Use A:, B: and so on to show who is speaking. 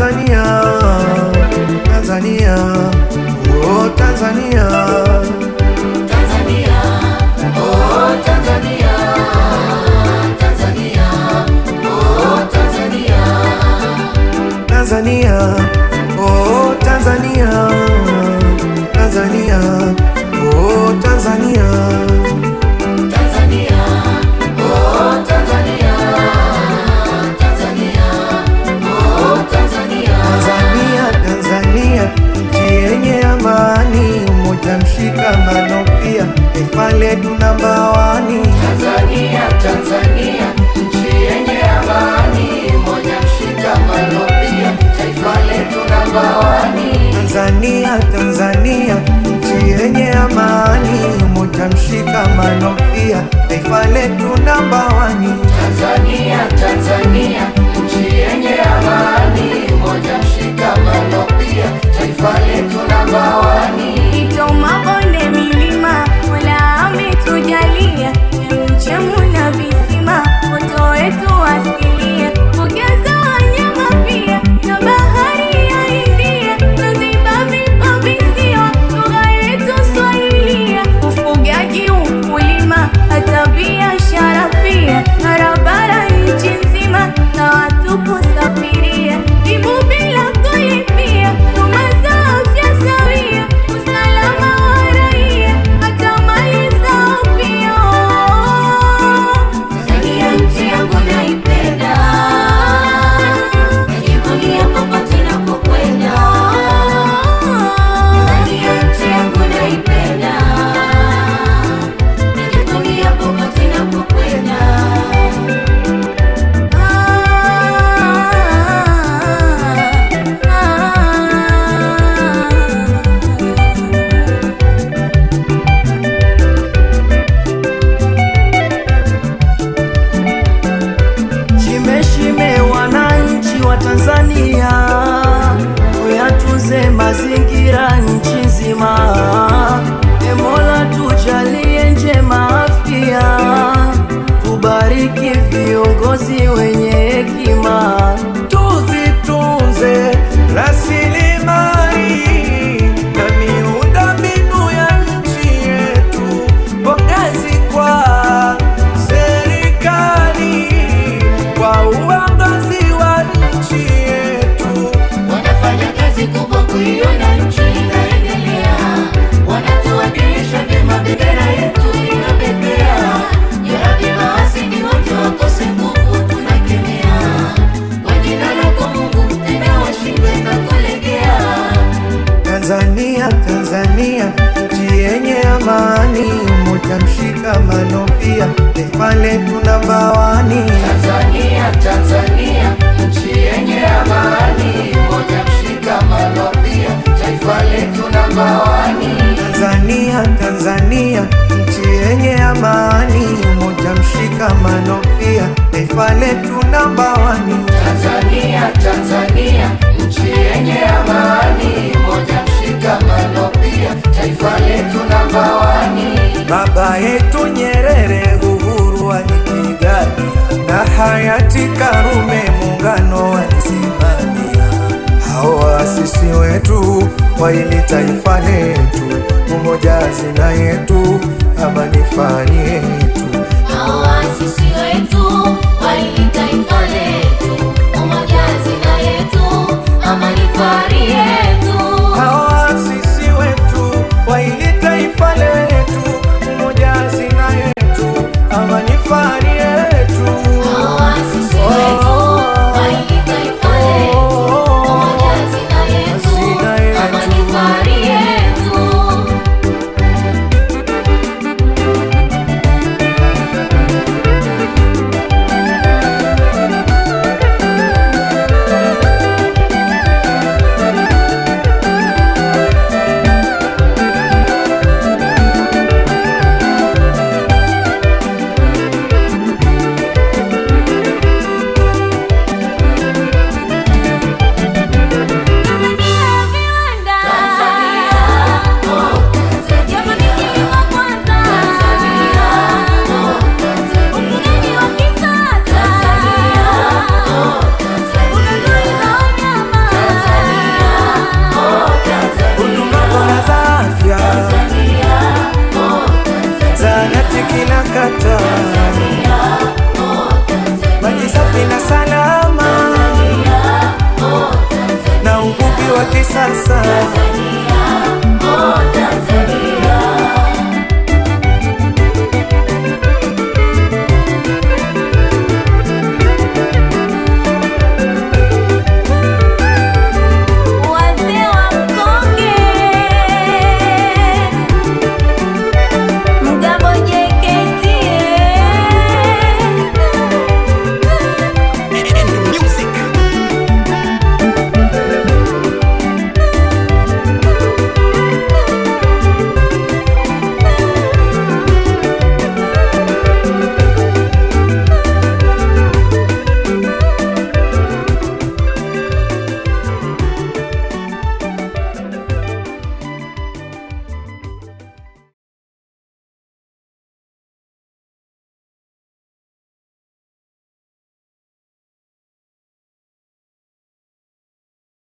A: Tanzania, Tanzania, oh Tanzania,
B: Tanzania, oh Tanzania, Tanzania, oh
A: Tanzania, tulivu
B: Tanzania, Tanzania, nchi yenye amani, moja mshikamano pia, taifa letu na mbawani.
A: Tanzania, Tanzania, nchi yenye amani, moja mshikamano pia, taifa letu na
B: Tanzania, Tanzania, nchi yenye amani, moja mshikamano pia, taifa
A: mazingira nchi nzima. E Mola, tujalie njema afya, tubariki viongozi wenye hekima,
C: tuzitunze rasilimali na miundombinu ya nchi yetu. Pongezi kwa serikali kwa uangazi wa nchi yetu,
B: wanafanya kazi kubwa kuiona
A: mshikamano pia taifa tuna mbawani wani.
B: Tanzania, Tanzania nchi yenye amani, moja mshikamano pia taifa letu namba wani.
A: Tanzania, Tanzania nchi yenye amani, moja mshikamano pia taifa letu namba wani.
B: Tanzania, Tanzania nchi yenye amani
A: sisi wetu wa ili taifa letu, umoja zina yetu, amani fani yetu